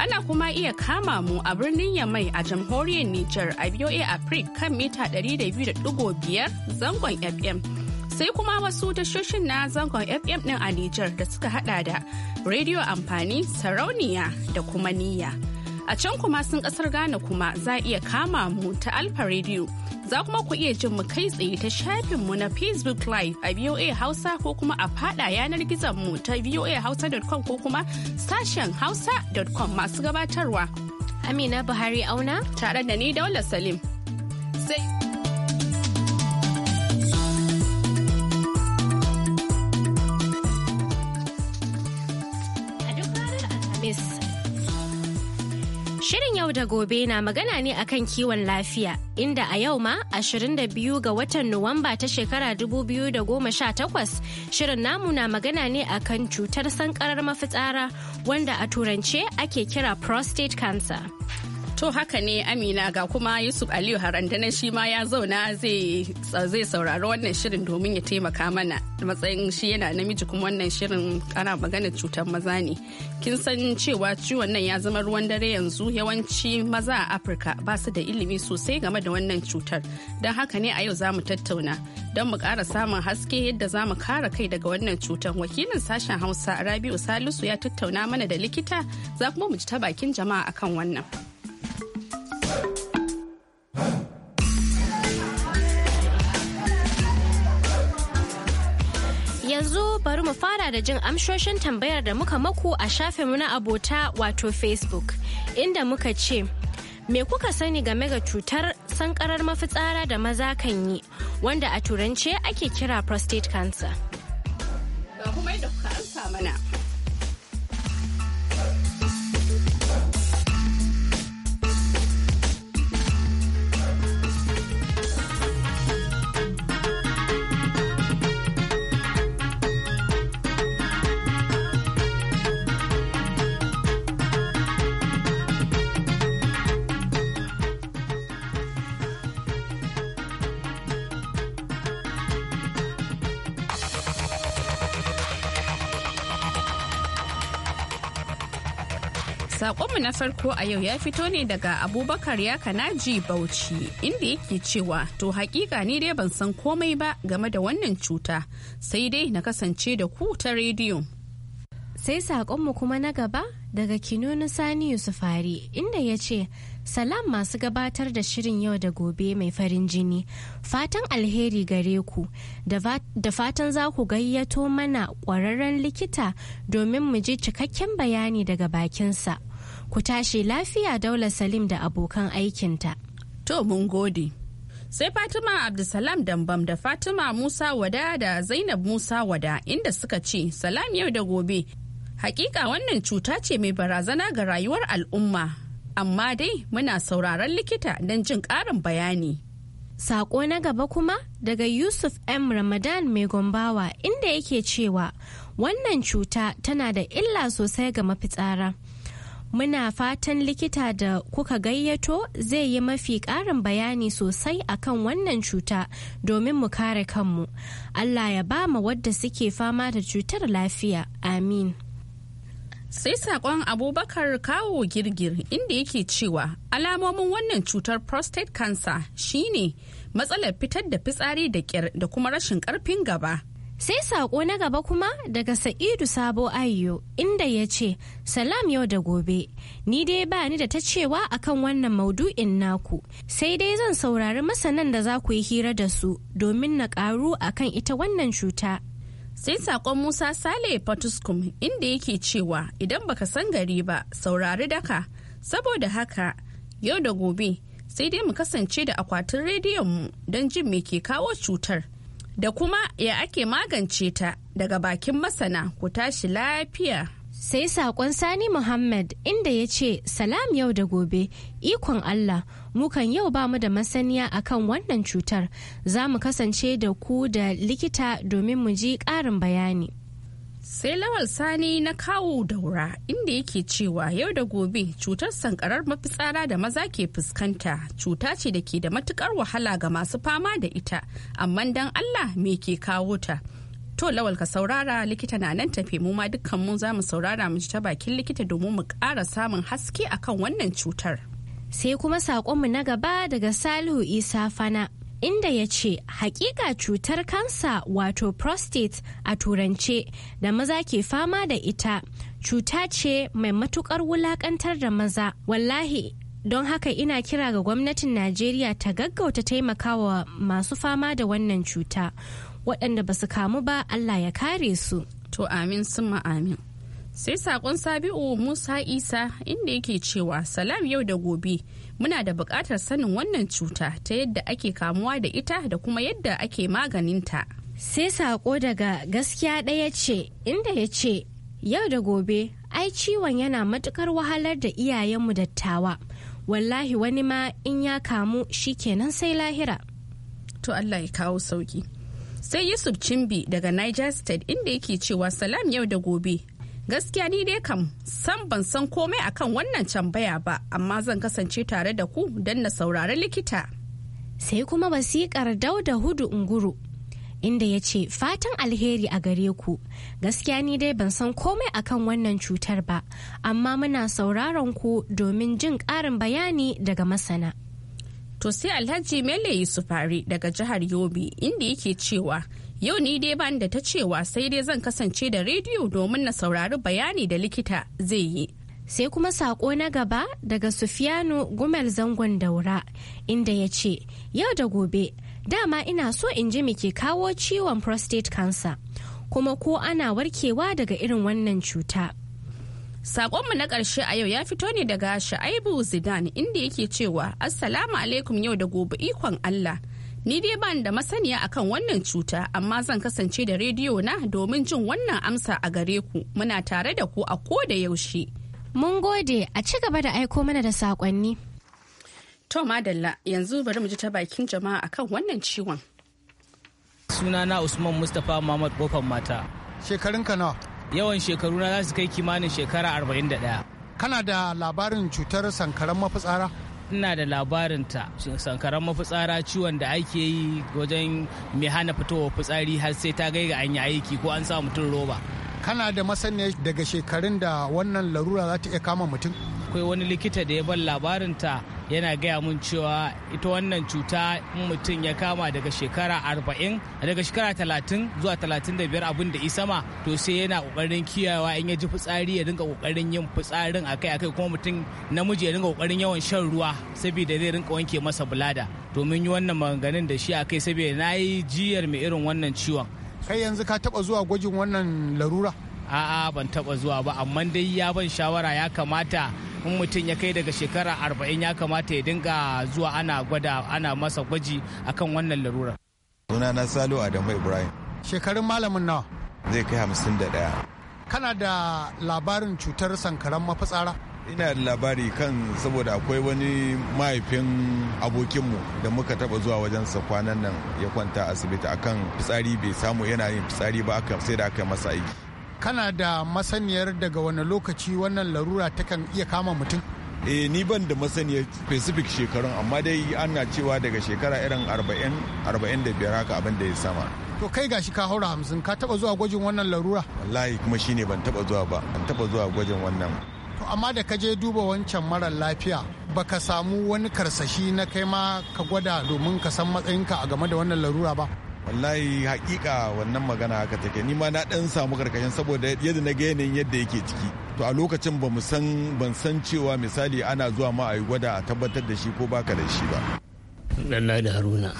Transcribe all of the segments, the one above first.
Ana kuma iya kama mu a birnin Yamai a jamhuriyar Nijar a VOA Africa kan mita 200.5 zangon FM. Sai kuma wasu tashoshin na zangon FM din a Nijar da suka hada da Radio Amfani, Sarauniya da kuma Niyya. A can kuma sun kasar Ghana kuma za iya kama mu ta Alfa Radio. Za kuma ku iya jin mu kai tsaye ta mu na Facebook Live a VOA Hausa ko kuma a fada yanar gizon mu ta voahausa.com ko kuma sashen hausa.com masu gabatarwa. Amina Buhari auna? Tare da ni Daula Salim. Sai. da gobe na magana ne akan kiwon lafiya, inda a yau ma 22 ga watan Nuwamba ta shekara 2018 shirin namu na magana ne akan cutar sankarar mafitsara wanda a turance ake kira prostate cancer. To haka ne Amina ga kuma Yusuf Aliyu Harandana shi ma ya zauna zai saurari wannan shirin domin ya taimaka mana matsayin shi yana namiji kuma wannan shirin ana magana cutar maza ne. Kin san cewa ciwon nan ya zama ruwan dare yanzu yawanci maza a Afirka ba su da ilimi sosai game da wannan cutar. Don haka ne a yau za mu tattauna don mu kara samun haske yadda za mu kare kai daga wannan cutar. Wakilin sashen Hausa Rabiu Salisu ya tattauna mana da likita za kuma mu ji ta bakin jama'a akan wannan. yanzu bari mu fara da jin amshoshin tambayar da muka maku a shafinmu na abota wato Facebook, inda muka ce, Me kuka sani game ga cutar sankarar mafitsara da maza kan yi, wanda a turance ake kira prostate cancer? Sakonmu na farko a yau ya fito ne daga Abubakar ya kanaji Bauchi inda yake cewa to hakika ni dai ban san komai ba game da wannan cuta sai dai na kasance da ku ta rediyo. Sai saƙonmu kuma na gaba daga Kinunu Sani yusuf fari inda ya ce Salam masu gabatar da shirin yau da gobe mai farin jini, fatan alheri gare ku, da fatan za ku gayyato mana kwararren likita domin mu ji cikakken bayani daga bakinsa. Ku tashi lafiya Daula Salim da abokan aikinta. To mun gode. Sai Fatima Abdulsalam Dambam da Fatima Musa Wada da Zainab Musa Wada inda suka ce salam yau da gobe. Hakika wannan cuta ce mai barazana ga rayuwar al'umma. Amma dai muna sauraron likita don jin ƙarin bayani. Sako na gaba kuma daga Yusuf M. Ramadan mai gombawa inda yake cewa wannan cuta tana da illa sosai ga mafitsara. muna fatan likita da kuka gayyato zai yi mafi ƙarin bayani sosai akan wannan cuta domin mu kare kanmu allah ya ba ma wadda suke fama da cutar lafiya amin sai saƙon abubakar kawo girgir inda yake cewa alamomin wannan cutar prostate cancer shine matsalar fitar da fitsari da kyar da kuma rashin ƙarfin gaba Sai saƙo na gaba kuma daga Sa'idu Sabo ayo inda ya ce, Salam yau da gobe, ni dai ba ni da ta cewa akan wannan maudu'in naku, sai dai zan saurari masanan da za ku yi hira da su domin na ƙaru akan ita wannan cuta. Sai saƙon Musa Sale Patuskum inda yake cewa idan baka san gari ba saurari daka, saboda haka yau da gobe sai dai mu kasance da akwatin rediyon mu don jin me ke kawo cutar. da kuma ya ake magance ta daga bakin masana ku tashi lafiya. Sai saƙon Sani Muhammad inda ya ce, Salam yau da gobe, ikon Allah, mukan yau ba mu da masaniya akan wannan cutar, za mu kasance da ku da likita domin mu ji ƙarin bayani. sai lawal sani na kawo daura inda yake cewa yau da gobe cutar sankarar mafitsara da maza ke fuskanta cuta ce da ke da matukar wahala ga masu fama da ita amma dan allah me ke kawo ta to lawal ka saurara likita na nan tafe mu ma dukkan mu za mu saurara mu ta bakin likita domin mu ƙara samun haske akan wannan cutar sai kuma saƙonmu na gaba daga salihu isa fana inda ya ce hakika cutar kansa wato prostate a turance da maza ke fama da ita cuta ce mai matukar wulakantar da maza wallahi don haka ina kira ga gwamnatin najeriya ta gaggauta taimakawa masu fama da wannan cuta waɗanda ba su kamu ba allah ya kare su to amin sun amin sai sakon sabi'u musa isa inda yake cewa salam yau da gobe muna da buƙatar sanin wannan cuta ta yadda ake kamuwa da ita da kuma yadda ake maganinta sai sako daga gaskiya ɗaya ce inda ya ce yau da gobe ai ciwon yana matukar wahalar da iyayenmu dattawa wallahi wani ma in ya kamu shi kenan sai lahira to allah ya kawo sauki sai yusuf cimbi daga niger state inda yake cewa salam yau da gobe gaskiya ni dai kam san ban san komai akan wannan tambaya ba amma zan kasance tare da ku don na saurari likita sai kuma wasiƙar dauda hudu unguru inda ya ce fatan alheri a gare ku gaskiya ni dai ban san komai akan wannan cutar ba amma muna sauraron ku domin jin ƙarin bayani daga masana to sai alhaji mele yusufari daga jihar yobe inda yake cewa Yau ni dai ban da ta cewa sai dai zan kasance da rediyo domin na saurari bayani da likita zai yi. Sai kuma sako na gaba daga Sufiyanu Gumel Zangon Daura inda ya ce, Yau da gobe, dama ina so in ji muke kawo ciwon prostate cancer, kuma ko ana warkewa daga irin wannan cuta. Sakonmu na ƙarshe a yau ya fito ne daga Sha'aibu Zidane inda yake cewa Assalamu alaikum yau da gobe ikon Allah. Ni dai ban da masaniya akan wannan cuta amma zan kasance da rediyo na domin jin wannan amsa a gare ku muna tare da ku a ko da yaushe. Mun gode a ci gaba da aiko mana da saƙonni. To madalla yanzu bari mu ji ta bakin jama'a akan wannan ciwon. Sunana Usman Mustapha Muhammad Kofan Mata. Shekarun ka nawa? Yawan shekaru na za su kai kimanin shekara 41. Kana da labarin cutar sankaran mafitsara? ina da labarinta sankaran mafitsara ciwon da ake yi wajen mai hana fitowa fitsari har sai ta gaiga an yi aiki ko an sa mutum roba kana da masaniya daga shekarun da wannan larura za ta iya kama mutum akwai wani likita da ya ban labarinta yana gaya mun cewa ita wannan cuta mutum ya kama daga shekara arba'in daga shekara talatin zuwa talatin da biyar abin da isama to sai yana kokarin kiyawa in ya ji fitsari ya dinga kokarin yin fitsarin akai akai kuma mutum namiji ya dinga kokarin yawan shan ruwa saboda zai rinka wanke masa bulada domin yi wannan maganganun da shi akai saboda na yi jiyar mai irin wannan ciwon kai yanzu ka taba zuwa gwajin wannan larura a'a ban taba zuwa ba amma dai ya ban shawara ya kamata in mutum ya kai daga shekara arba'in ya kamata ya dinga zuwa ana gwada ana masa gwaji akan wannan larurar suna na salo adamu ibrahim shekarun malamin nawa zai kai hamsin da ɗaya kana da labarin cutar sankaran mafitsara ina da labari kan saboda akwai wani mahaifin abokinmu da muka taba zuwa wajen sa kwanan nan ya kwanta asibiti akan fitsari bai samu yana yin fitsari ba sai da aka masa aiki kana da masaniyar daga wani lokaci wannan larura takan iya kama mutum eh ni ban da masaniyar specific shekarun amma dai ana cewa daga shekara irin 40 45 haka abin da ya sama to kai gashi ka haura hamsin ka taba zuwa gwajin wannan larura wallahi kuma shine ban taba zuwa ba ban taba zuwa gwajin wannan to amma da ka je duba wancan marar lafiya baka samu wani karsashi na kai ma ka gwada domin ka san matsayinka a game da wannan larura ba wallahi hakika wannan magana haka take ni ma na ɗan samu karkashin saboda yadda na ga yanayin yadda yake ciki to a lokacin ba mu san ban san cewa misali ana zuwa ma a yi gwada a tabbatar da shi ko baka da shi ba Lallai da Haruna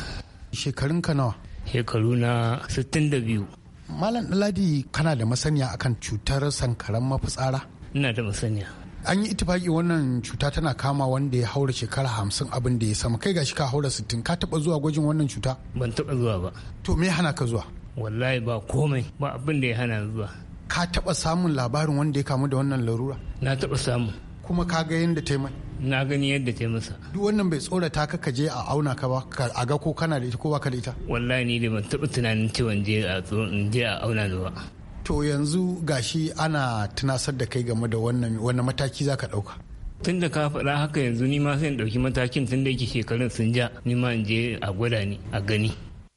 shekarun ka nawa shekaru na 62 Malam Ladi kana da masaniya akan cutar sankaran mafitsara ina da masaniya an yi itifaki wannan cuta tana kama wanda ya haura shekara hamsin abin da ya sama kai gashi ka haura sittin ka taba zuwa gwajin wannan cuta ban taba zuwa ba to me hana ka zuwa wallahi ba komai ba abin da ya hana zuwa ka taba samun labarin wanda ya kamu da wannan larura na taba samu kuma ka ga yadda ta mai na gani yadda ta masa duk wannan bai tsorata ka je a auna ka ba a ga ko kana da ita ko ba ka da ita wallahi ni da ban taba tunanin cewa je a je a auna da ba to yanzu gashi ana tunasar da kai game da wannan wani mataki zaka dauka tun da ka faɗa haka yanzu ni ma sai in ɗauki matakin tun da yake shekarun sun ja ni ma in je a gwada ni a gani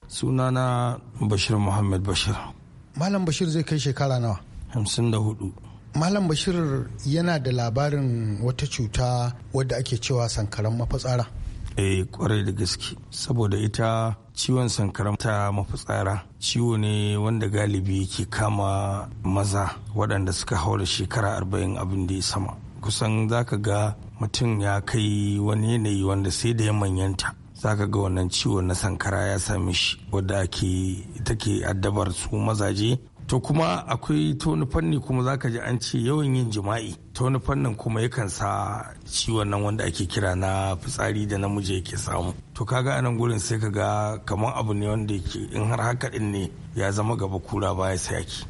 sunana bashir muhammad bashir malam bashir zai kai shekara nawa hamsin da hudu malam bashir yana da labarin wata cuta wadda ake cewa sankaran mafitsara eh kwarai da gaske saboda ita ciwon sankara ta mafitsara ciwo ne wanda galibi ke kama maza waɗanda suka hau da shekara arba'in abin da ya sama kusan zaka ga mutum ya kai wani yanayi wanda sai da ya manyanta Za ka ga wannan ciwo na sankara ya same shi wadda ake take addabar su mazaje to kuma akwai ta wani fanni kuma zaka ji an ce yawan yin jima'i ta fannin kuma yakan sa ciwon nan wanda ake kira na fitsari da namiji yake samu to kaga anan gurin sai ka ga kamar abu ne wanda yake in har haka din ne ya zama gaba kura baya sayaki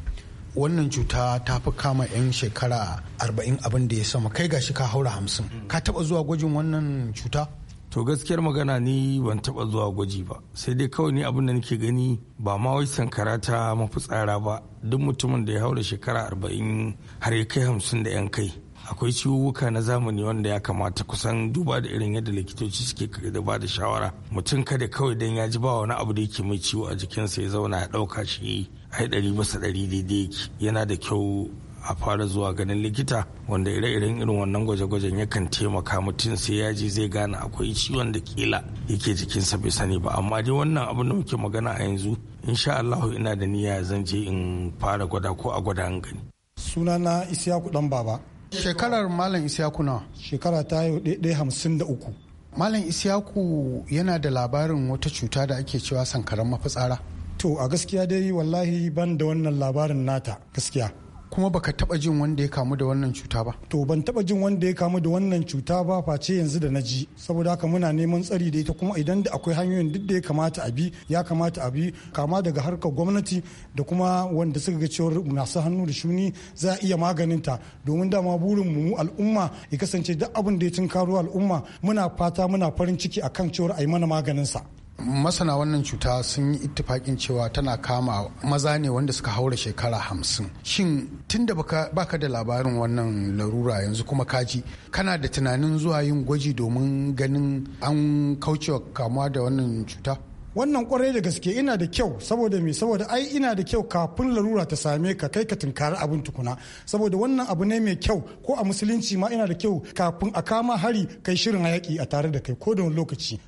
wannan cuta ta fi kama 'yan shekara 40 abin da ya sama kai gashi ka haura 50 ka taba zuwa gwajin wannan cuta to gaskiyar magana ni ban taba zuwa gwaji ba sai dai kawai ni abin da nake gani ba ma wai sankara ta mafitsara ba duk mutumin da ya haura shekara arba'in har ya kai hamsin da yan kai akwai ciwuwuka na zamani wanda ya kamata kusan duba da irin yadda likitoci suke da ba da shawara mutum kada kawai dan ya ji ba wani abu da yake mai ciwo a jikinsa ya zauna ya ɗauka shi ai ɗari masa ɗari daidai yake yana da kyau a fara zuwa ganin likita wanda ire-iren irin wannan gwaje-gwajen yakan taimaka mutum sai ya ji zai gane akwai ciwon da kila yake jikinsa bai sani ba amma dai wannan abin da muke magana a yanzu insha Allahu ina da niyya zan je in fara gwada ko a gwada an gani sunana Isiyaku dan baba shekarar malam Isiyaku nawa shekara ta yau hamsin da uku malam Isiyaku yana da labarin wata cuta da ake cewa sankaran mafitsara to a gaskiya dai wallahi ban da wannan labarin nata gaskiya kuma baka taba jin wanda ya kamu da wannan cuta ba to ban taba jin wanda ya kamu da wannan cuta ba face yanzu da na ji saboda haka muna neman tsari da ita kuma idan da akwai hanyoyin duk da ya kamata a bi ya kamata a bi kama daga harkar gwamnati da kuma wanda suka ga cewar masu hannu da shuni za a iya maganin ta domin dama burin mu al'umma ya kasance duk abin da ya tunkaro al'umma muna fata muna farin ciki akan cewar a yi mana maganin sa masana wannan cuta sun yi ittifakin cewa tana kama maza ne wanda suka haura shekara hamsin shin tun da baka da labarin wannan larura yanzu kuma kaji kana da tunanin zuwa yin gwaji domin ganin an kaucewa kamuwa da wannan cuta wannan kwarai da gaske ina da kyau saboda me saboda ai ina da kyau kafin larura ta same ka kai ka tunkari abin tukuna saboda wannan abu ne mai kyau ko a musulunci ma ina da kyau kafin a kama hari kai shirin hayaki a tare da kai ko da wani lokaci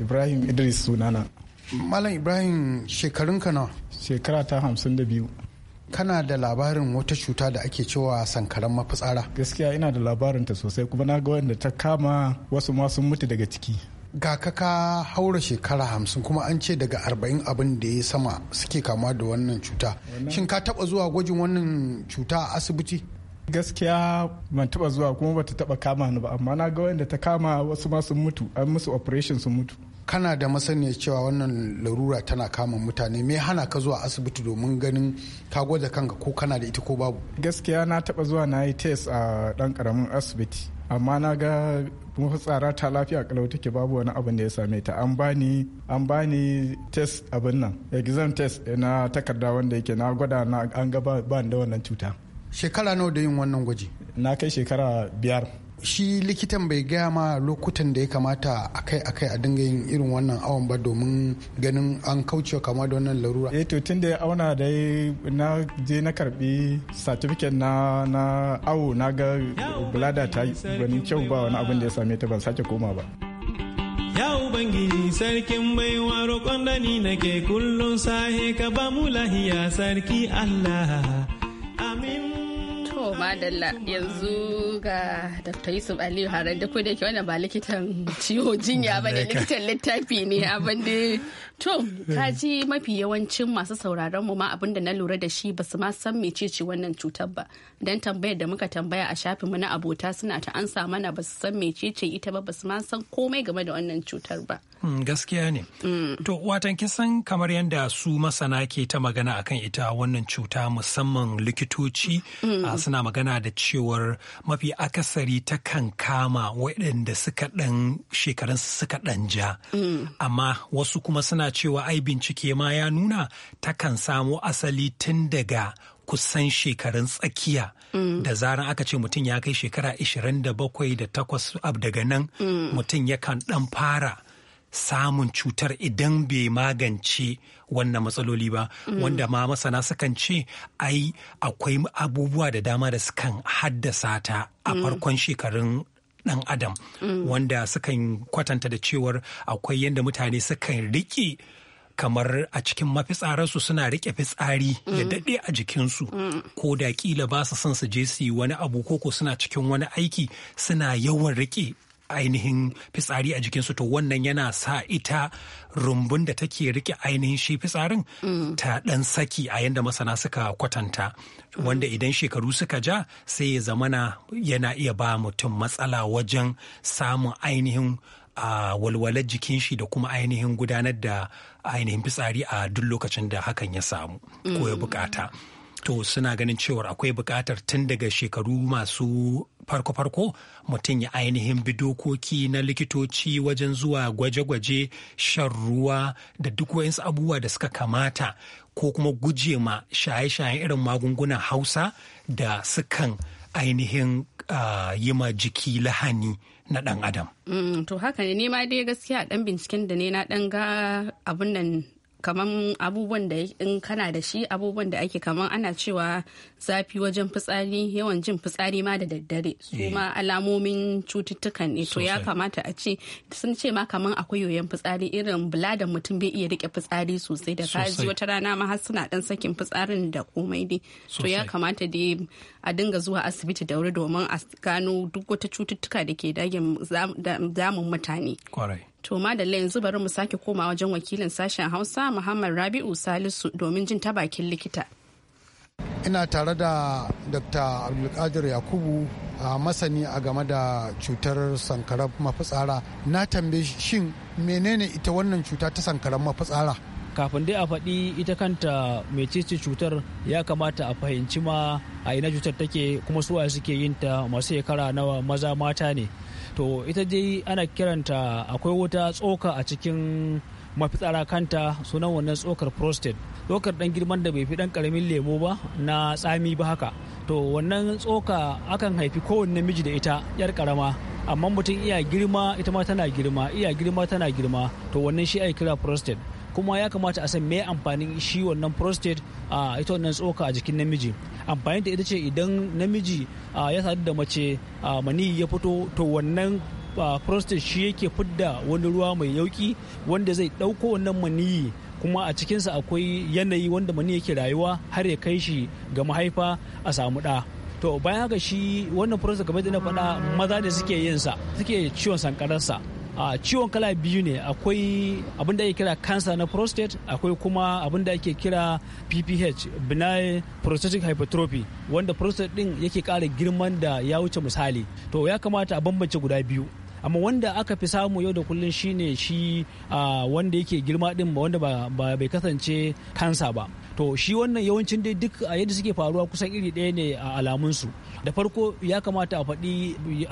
ibrahim idris sunana malam ibrahim shekarun ka nawa shekara ta hamsin da biyu kana da labarin wata cuta da ake cewa sankaran mafitsara gaskiya ina da labarin ta sosai kuma na ga wanda ta kama wasu ma mutu daga ciki ga ka ka haura shekara hamsin kuma an ce daga arba'in abin da ya sama suke kama da wannan cuta shin ka taba zuwa gwajin wannan cuta a asibiti gaskiya ban taba zuwa kuma bata taba kama ni ba amma na ga wanda ta kama wasu ma sun mutu an musu operation sun mutu kana da masaniyar cewa wannan larura tana kama mutane me hana ka zuwa asibiti domin ganin ka gwada kanka ko kana da ita ko babu gaskiya na taba zuwa na yi test a dan karamin asibiti amma na ga mafitsara ta lafiya kalau take babu wani abin da ya same ta an bani an bani test abin nan exam test na takarda wanda yake na gwada na an ga ba da wannan cuta shekara nawa da yin wannan gwaji na kai shekara biyar shi likitan bai gaya ma lokutan da ya kamata akai-akai a dinga yin irin wannan awon ba domin ganin an kauce kama da wannan larura eh to tun da ya auna da na je na karbi certificate na na awo na ga bulada ta gani kyau ba wani abin da ya same ta ban sake koma ba Ya ubangi sarkin baiwa roƙon da ni nake kullum sahe ka ba mu lahiya sarki Allah. madalla yanzu ga Dr. Yusuf Aliyu Haran da da yake wannan ba likitan ciwo jinya ba ne likitan littafi ne abin da To, ta ji mafi yawancin masu sauraron mu ma abin da na lura da shi basu ma san mecece wannan cutar ba. Dan tambayar da muka tambaya a shafin mu na abota suna ta ansa mana basu san mecece ita ba basu ma san komai game da wannan cutar ba. Hmm, gaskiya ne. Hmm. To, watan kisan kamar yadda su masana ke ta magana akan ita wannan cuta musamman likitoci hmm. suna magana da cewar mafi akasari ta kan kama waɗanda suka ɗan shekarun suka ɗan ja. Amma wasu kuma suna cewa ai bincike ma ya nuna takan samo asali tun daga kusan shekarun tsakiya mm. da zaran aka ce mutum ya kai shekara 27 da takwas daga nan mm. mutum yakan dan fara samun cutar idan bai magance wannan matsaloli ba mm. wanda ma masana sukan ce ai akwai abubuwa da dama da sukan haddasa ta a farkon shekarun ɗan adam wanda sukan kwatanta da cewar akwai yadda mutane sukan riƙe kamar a cikin mafitsararsu suna rike fitsari ya daɗe a jikinsu ko da kila ba su son su je su yi wani abu ko koko suna cikin wani aiki suna yawan riƙe ainihin fitsari a jikin su to wannan yana sa ita rumbun da take rike ainihin shi fitsarin mm. ta ɗan saki a yadda masana suka kwatanta mm. wanda idan shekaru suka ja sai ya zamana yana iya ba mutum matsala wajen samun ainihin walwalar jikin shi da kuma ainihin gudanar da ainihin fitsari a duk lokacin da hakan ya samu ko ya mm. bukata. to suna ganin cewar akwai bukatar tun daga shekaru masu farko-farko mutum ya ainihin bi dokoki na likitoci wajen zuwa gwaje-gwaje shan ruwa da duk wayansu abubuwa da suka kamata ko kuma guje ma shaye-shayen irin magungunan hausa da sukan ainihin ah, yi ma jiki lahani na ɗan adam. Mm, to haka ne ma dai gaskiya ɗan binciken da ne na ɗan ga abin nan kaman abubuwan da in kana da shi abubuwan da ake kaman ana cewa zafi wajen fitsari yawan jin fitsari ma da daddare su eh. ma alamomin cututtukan ne to ya kamata a ce sun ce ma kaman akwai yoyon fitsari irin buladan mutum bai iya rike fitsari sosai da kaji wata rana ma har suna dan sakin fitsarin da komai dai to ya kamata dai a dinga zuwa asibiti da wuri domin a gano duk wata cututtuka da ke dagin damun mutane kwarai To da yanzu bari mu sake koma wajen wakilin sashen Hausa Muhammad Rabi'u Salisu domin jin ta bakin likita. Ina tare da Dr. Abdulkadir Yakubu a masani a game da cutar sankarar mafitsara. Na tambaye shin menene ita wannan cuta ta sankarar mafitsara? kafin dai a faɗi ita kanta mai mecece cutar ya kamata a fahimci ma a ina cutar take kuma suwaye suke yinta masu shekara nawa maza mata ne to ita dai ana kiranta akwai wata tsoka a cikin mafitsara kanta sunan wannan tsokar prostate tsokar dan girman da bai fi dan karamin lemo ba na tsami ba haka to wannan tsoka akan haifi kowanne namiji da ita yar karama amma mutum iya girma ita ma tana girma iya girma tana girma to wannan shi ai kira prostate kuma ya kamata a san me amfanin shi wannan prostate a ita wannan tsoka a jikin namiji amfanin ta ita ce idan namiji ya sadu da mace mani ya fito to wannan prostate shi yake fidda wani ruwa mai yauki wanda zai ɗauko wannan maniyi kuma a cikinsa akwai yanayi wanda mani yake rayuwa har ya kai shi ga mahaifa a samu ɗa to bayan haka shi wannan prostate kamar da na faɗa maza da suke yin sa suke ciwon sankararsa a ciwon kala biyu ne akwai abin da ake kira kansa na prostate akwai kuma abin da ake kira pph benign prostatic hypertrophy wanda prostate din yake kara girman da ya wuce misali to ya kamata a bambance guda biyu amma wanda aka fi samu yau da kullum shine shi wanda yake girma din wanda ba bai kasance kansa ba to shi wannan yawancin dai duk a yadda suke faruwa kusan iri ɗaya ne a alamunsu da farko ya kamata a faɗi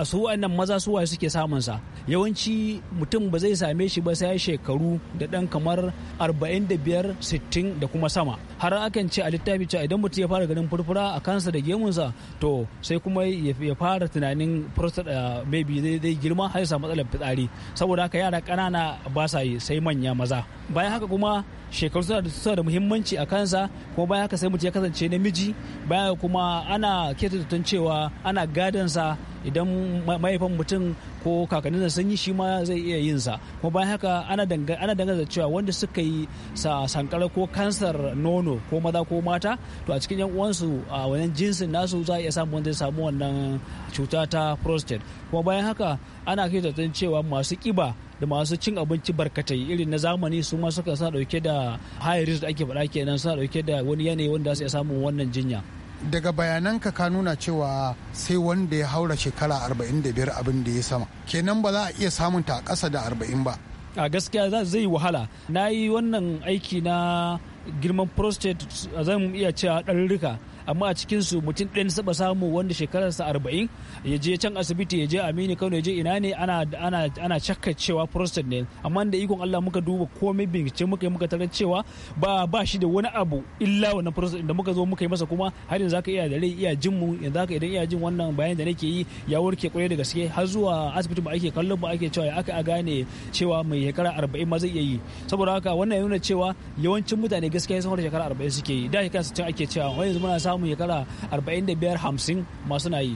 a su wa'annan maza su waye suke samun sa yawanci mutum ba zai same shi ba sai shekaru da ɗan kamar 45 60 da kuma sama har akan ce a littafi cewa idan mutum ya fara ganin furfura a kansa da gemunsa to sai kuma ya fara tunanin prostate eh, maybe zai girma har samu matsalar fitsari saboda haka yara ƙanana ba sa yi sai manya maza bayan haka kuma shekaru suna da muhimmanci a kansa matarsa kuma bayan haka sai mutum ya kasance namiji bayan kuma ana ketatatun cewa ana gadansa idan mahaifan mutum ko kakannin sun yi shi ma zai iya yin sa kuma bayan haka ana dangana cewa wanda suka yi sa sankara ko kansar nono ko maza ko mata to a cikin yan uwansu a wannan jinsin nasu za a iya samu wanda samu wannan cuta ta prostate kuma bayan haka ana kai cewa masu kiba da masu cin abinci barkatai irin na zamani su ma suka sa dauke da high risk da ake faɗa kenan sa dauke da wani yanayi wanda za su iya samun wannan jinya daga bayananka ka nuna cewa sai wanda ya haura shekara 45 abin da ya sama kenan ba za a iya samunta a ƙasa da 40 ba a gaskiya zai wahala na yi wannan aiki na girman prostate zan iya cewa ɗarurruka amma a cikin su mutum ɗin saba samu wanda shekararsa arba'in ya je can asibiti ya je amini kano ya je ina ne ana ana ana cakka cewa prostate ne amma da ikon Allah muka duba komai bincike muka yi muka tara cewa ba ba shi da wani abu illa wannan prostate da muka zo muka yi masa kuma har yanzu zaka iya da rai iya jin mu yanzu zaka idan iya jin wannan bayan da nake yi ya warke kwarai da gaske har zuwa asibiti ba ake kallon ba ake cewa ya aka gane cewa mai shekara arba'in ma zai iya yi saboda haka wannan ya nuna cewa yawancin mutane gaskiya sun shekara arba'in suke yi da shekara sittin ake cewa wani yanzu muna samu shekara 45 50 masu suna yi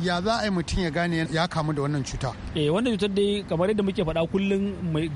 ya za a yi mutum ya gane ya kamu da wannan cuta eh wannan cutar dai kamar yadda muke faɗa kullum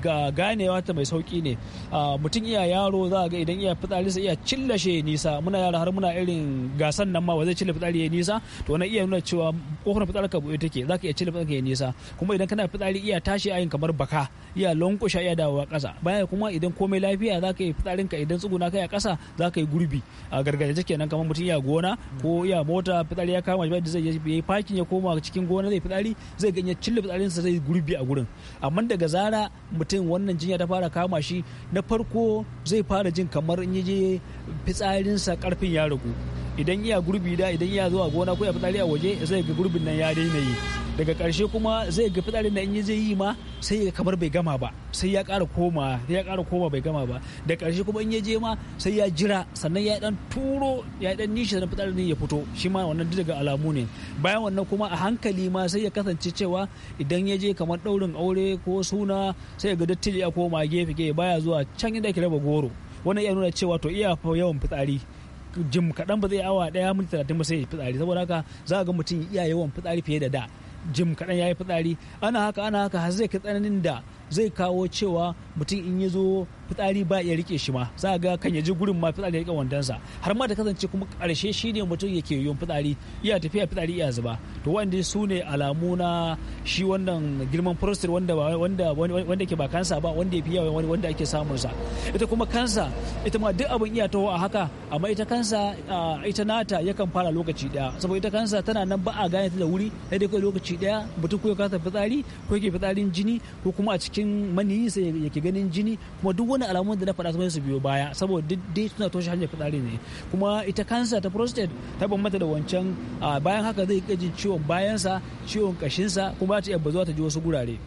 ga ganewa ta mai sauki ne ah, mutum iya yaro za a ga idan iya fitsari sa iya cillashe nisa muna yara har muna irin gasan nan ma wa zai cilla fitsari ya nisa to wannan iya nuna cewa kofar fitsari ka buɗe take zaka iya cilla fitsari ya nisa kuma idan kana fitsari iya tashi ayin kamar baka iya lankusha iya dawowa ƙasa baya kuma idan komai lafiya zaka yi fitsarin ka idan tsuguna kai a ƙasa zaka yi gurbi a gargajiya kenan kamar mutum iya gona ko iya mota fitsari ya kama shi da zai yi faki ya koma cikin gona zai fitsari zai ganye cilla sa zai gurbi a gurin amma daga zara mutum wannan jinya ta fara kama shi na farko zai fara jin kamar in je fitsarinsa karfin ya ragu idan iya gurbi da idan iya zuwa gona ko ya fitsari a waje zai ga gurbin nan ya daina yi daga karshe kuma zai ga fitsarin da in yi zai yi ma sai ya kamar bai gama ba sai ya ƙara koma ya ƙara koma bai gama ba da karshe kuma in ya je ma sai ya jira sannan ya dan turo ya dan nishi da fitsarin ya fito shi ma wannan daga alamu ne bayan wannan kuma a hankali ma sai ya kasance cewa idan ya je kamar ɗaurin aure ko suna sai ya ga dattijo ya koma gefe gefe baya zuwa can inda ke raba goro wannan iya nuna cewa to iya yawan fitsari jim kaɗan ba zai awa ɗaya minti talatin ba sai fitsari saboda haka za ga mutum iya yawan fitsari fiye da da jim kaɗan ya yi fitsari ana haka ana haka har zai ka tsananin da zai kawo cewa mutum in ya zo fitsari ba ya rike shi ma za ga kan ya ji gurin ma fitsari ya rike wandonsa har ma da kasance kuma karshe shi ne mutum yake yin fitsari iya tafiya fitsari iya zuba to wanda su ne alamu na shi wannan girman prostate wanda wanda wanda ke ba kansa ba wanda ya fi yawa wanda ake samun sa ita kuma kansa ita ma duk abin iya taho a haka amma ita kansa ita nata yakan fara lokaci daya saboda ita kansa tana nan ba a gane ta da wuri sai dai kai lokaci daya mutum ko ya kasa fitsari ko yake fitsarin jini ko kuma a cikin cikin ya yake ganin jini kuma duk wani alamun da na faɗa su su biyo baya saboda duk dai suna toshe hanyar fitsari ne kuma ita kansa ta prostate ta bambanta da wancan bayan haka zai iya ciwon bayansa ciwon kashinsa kuma ta iya bazuwa ta ji wasu gurare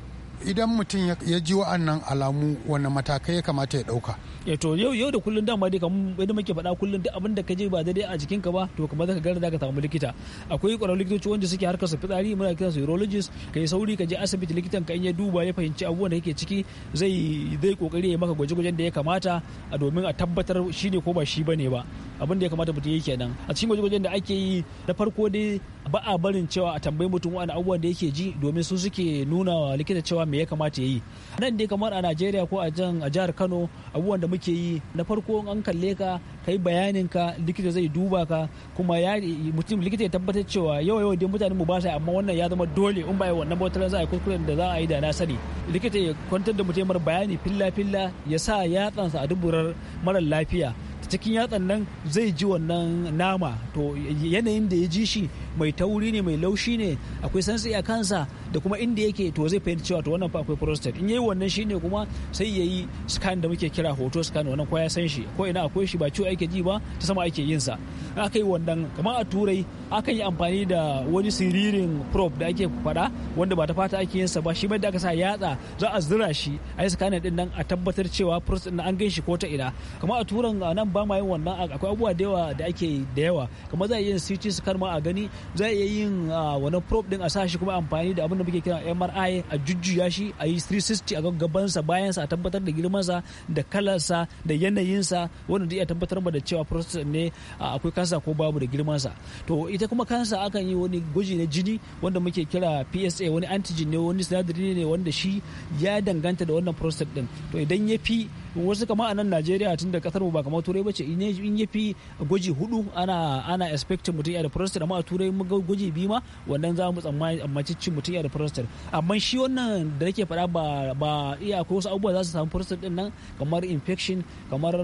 idan mutum ya ji wa'annan alamu wani matakai ya kamata ya ɗauka. ya eh to yau yau da kullun dama dai kamar yadda muke faɗa kullun duk abin ka je ba daidai a jikin ka ba to kamar zaka gara zaka samu likita akwai ƙwararru likitoci wanda suke harkar su fitsari muna kiran su urologist kai sauri ka je asibiti likitan ka in ya duba ya fahimci abubuwan da kake ciki zai zai kokari ya maka gwaje-gwajen da ya kamata a domin a tabbatar shi ne ko ba shi bane ba abin ya kamata mutum yi kenan a cikin gwaje-gwajen da ake yi na farko dai ba a barin cewa a tambayi mutum wani abubuwan da yake ji domin su suke nuna wa likita cewa me ya kamata ya yi nan dai kamar a najeriya ko a jan a jihar kano abubuwan da muke yi na farko an kalle ka kai bayanin ka likita zai duba ka kuma ya mutum likita ya tabbatar cewa yawa yawa dai mutane mu ba sa amma wannan ya zama dole in ba ya wannan bautar za a yi kuskuren da za a yi da na sani likita ya kwantar da mutum bayani filla filla ya sa yatsansa a duburar marar lafiya cikin yatsan nan zai ji wannan nama to yanayin da ya ji shi mai tauri ne mai laushi ne akwai santsi a kansa da kuma inda yake to zai fahimci cewa to wannan fa akwai prostate in yayi wannan shine kuma sai yayi scan da muke kira hoto scan wannan ko ya san shi ko ina akwai shi ba ciwo ake ji ba ta sama ake yin sa aka yi wannan kamar a turai akan yi amfani da wani siririn probe da ake faɗa wanda ba ta fata ake yin sa ba shi bai da aka sa yatsa za a zura shi a yi scan din nan a tabbatar cewa prostate na an gan shi ko ta ina kamar a turan nan ba ma yin wannan akwai abubuwa da yawa da ake da yawa kamar za a yi yin CT scan ma a gani za a iya yin ah, wannan probe din a sa shi kuma amfani da abin wanda muke kira MRI a jujjuya shi a yi 360 a gabansa bayansa a tabbatar da girmansa da kalarsa da yanayinsa wanda zai iya tabbatar da cewa prostate ne akwai kansa ko babu da girmansa to ita kuma kansa akan yi wani gwaji na jini wanda muke kira PSA wani antigen ne wani sinadari ne wanda shi ya danganta da wannan prostate din to idan ya fi wasu kama a nan najeriya tun da kasar mu ba kamar turai ba ce in ya fi gwaji hudu ana ana expecting mutum ya da prostate amma a turai mu gwaji biyu ma wannan za mu tsammaci mutum ya da prostate amma shi wannan da nake faɗa ba iya ko wasu abubuwa za su samu prostate din nan kamar infection kamar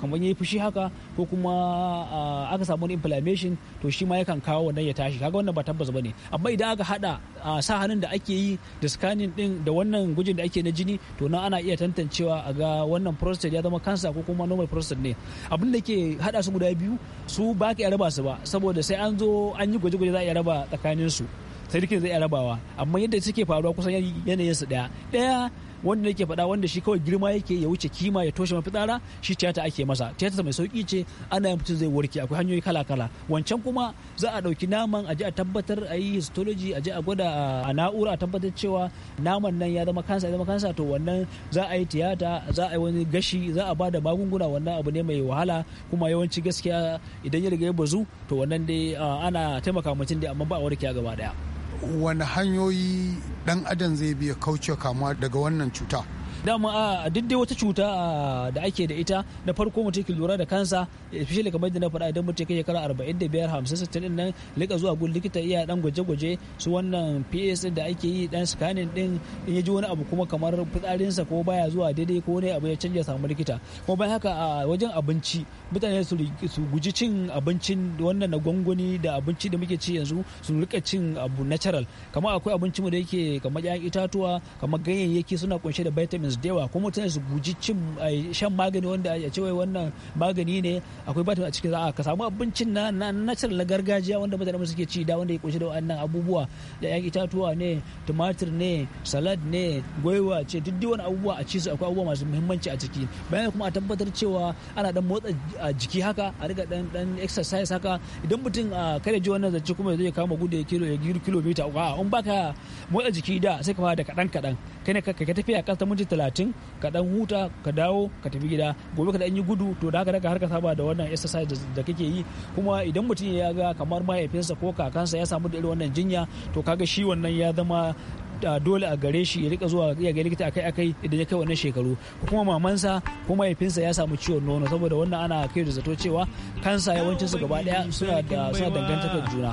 kamar yayi fushi haka ko kuma aka samu inflammation to shi ma yakan kawo wannan ya tashi kaga wannan ba tabbas bane amma idan aka hada sa hannun da ake yi da scanning din da wannan gujin da ake na jini to nan ana iya tantancewa a ga wannan prostate ya zama kansa ko kuma normal prostate ne abin da ke hada su guda biyu su ba ka iya raba su ba saboda sai an zo an yi gwaje-gwaje za a iya raba tsakanin su sai duka zai iya rabawa amma yadda suke faruwa kusan yanayin su daya daya wanda yake faɗa wanda shi kawai girma yake ya wuce kima ya toshe mafitsara shi tiyata ake masa tiyata mai sauki ce ana yin mutum zai warke akwai hanyoyi kala kala wancan kuma za a ɗauki naman a je a tabbatar a yi histology a je a gwada a na'ura a tabbatar cewa naman nan ya zama kansa ya zama kansa to wannan za a yi tiyata za a yi wani gashi za a bada magunguna wannan abu ne mai wahala kuma yawanci gaskiya idan ya riga ya bazu to wannan dai ana taimaka mutum dai amma ba a warke gaba daya wani hanyoyi dan adam zai biya kauce kamuwa daga wannan cuta dama a duk dai wata cuta da ake da ita na farko mutum ke lura da kansa especially kamar da na faɗa idan mutum kai shekara biyar hamsin sittin din nan lika zuwa gun likita iya dan gwaje-gwaje su wannan PS da ake yi dan scanning din in ya ji wani abu kuma kamar fitsarinsa ko baya zuwa daidai ko wani abu ya canja samu likita kuma bayan haka a wajen abinci mutane su guji cin abincin wannan na gwangwani da abinci da muke ci yanzu su rika cin abu natural kamar akwai abinci mu da yake kamar 'ya'yan itatuwa kamar ganyayyaki suna kunshe da vitamin options da yawa kuma mutane su guji cin eh, shan magani wanda ya ce wai wannan magani ne akwai vitamin a cikin za'a ka samu abincin na natural na gargajiya wanda mutane suke ci da wanda ya kunshi da wannan abubuwa da yan itatuwa ne tumatir ne salad ne gwaiwa ce duk wani abubuwa a ci su akwai abubuwa masu muhimmanci a ciki bayan kuma a tabbatar cewa ana dan motsa jiki haka a riga dan dan exercise haka idan mutum a kare ji wannan zance kuma zai kama gudu ya kilo ya kilomita uku a in baka motsa jiki da sai ka fara da kadan kadan kai ne ka tafiya kan ta minti talatin ka dan huta ka dawo ka tafi gida gobe ka dan yi gudu to da haka daga har ka saba da wannan exercise da kake yi kuma idan mutum ya ga kamar mahaifinsa ko kakansa ya samu da irin wannan jinya to kaga shi wannan ya zama dole a gare shi ya rika zuwa ya ga likita akai akai idan ya kai wannan shekaru kuma mamansa ko mahaifinsa ya samu ciwon nono saboda wannan ana kai da zato cewa kansa yawancin gaba daya suna da suna dangantakar juna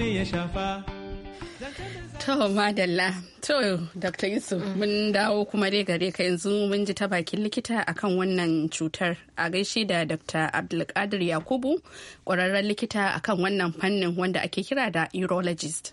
ne ya shafa To madalla to Dr. Yusuf mun dawo kuma dai gare ka yanzu mun ji ta bakin likita akan wannan cutar a gaishe da Dr. Abdulkadir Yakubu kwararren likita akan wannan fannin wanda ake kira da urologist.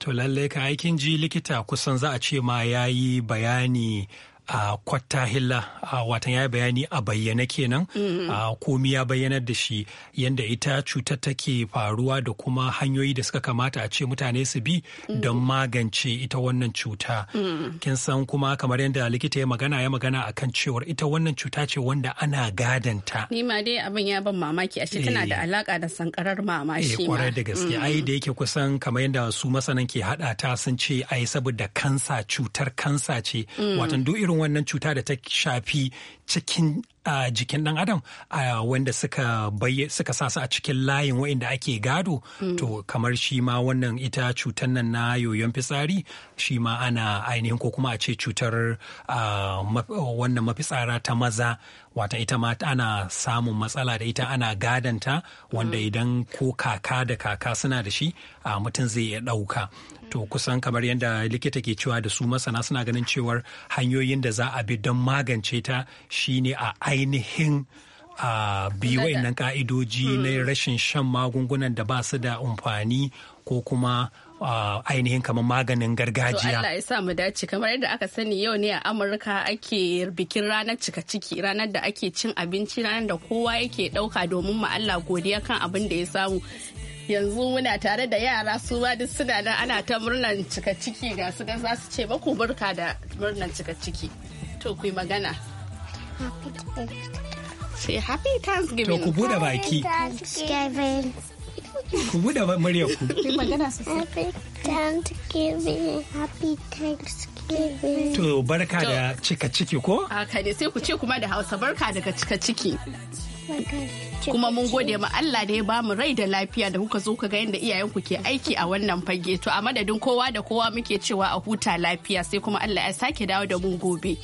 To lallai ka aikin ji likita kusan za a ce ma ya yi bayani a kwatta hilla watan ya bayani a bayyana kenan mm-hmm. a komi ya bayyanar da shi yadda ita cutar take faruwa da kuma hanyoyi da suka kamata a ce mutane su bi mm-hmm. don magance ita wannan cuta mm-hmm. kin san kuma kamar yadda likita ya magana ya magana akan cewar ita wannan cuta ce wanda ana gadanta ni ma dai abin ya ban mamaki ashe tana da eh. alaka da sankarar mama eh, ma kwarai da gaske ai da yake kusan kamar yadda su masanan ke hada ta sun ce ai saboda kansa cutar kansa ce mm. watan duk irin wannan cuta da ta shafi cikin a jikin ɗan adam uh, wanda suka baye suka sa su a cikin layin wa'inda ake gado hmm. to kamar shi ma wannan ita cutar nan na yoyon fitsari shi ma ana ainihin ko kuma a ce cutar wannan mafitsara ta maza wata ita ma ana samun matsala da ita ana gadanta wanda hmm. idan ko kaka da kaka suna da shi a mutum zai iya ɗauka to kusan kamar yadda likita ke cewa da su masana suna ganin cewar hanyoyin da za a bi don magance ta Shi ne a ainihin a biyu nan ka'idoji na hmm. rashin shan magungunan da ba su da amfani ko kuma Uh, ainihin kamar maganin gargajiya. To Allah ya sa mu dace kamar yadda aka sani yau ne a Amurka ake bikin ranar cika ciki ranar da ake cin abinci ranar da kowa yake ɗauka domin ma Allah godiya kan abin da ya samu. Yanzu muna tare da yara su ma duk suna nan ana ta murnan cika ciki ga su za su ce baku barka da murnan cika ciki. To ku magana. Say happy Thanksgiving. To ku bude baki. Ku bude murya ku. Happy Thanksgiving. Happy Thanksgiving. To barka da cika ciki ko? Haka ne sai ku ce kuma da Hausa barka daga cika ciki. kuma mun gode ma Allah da ya ba mu rai da lafiya da kuka zo ka ga yadda iyayenku ke aiki a wannan fage to a madadin kowa da kowa muke cewa a huta lafiya sai kuma Allah ya sake dawo da mu gobe.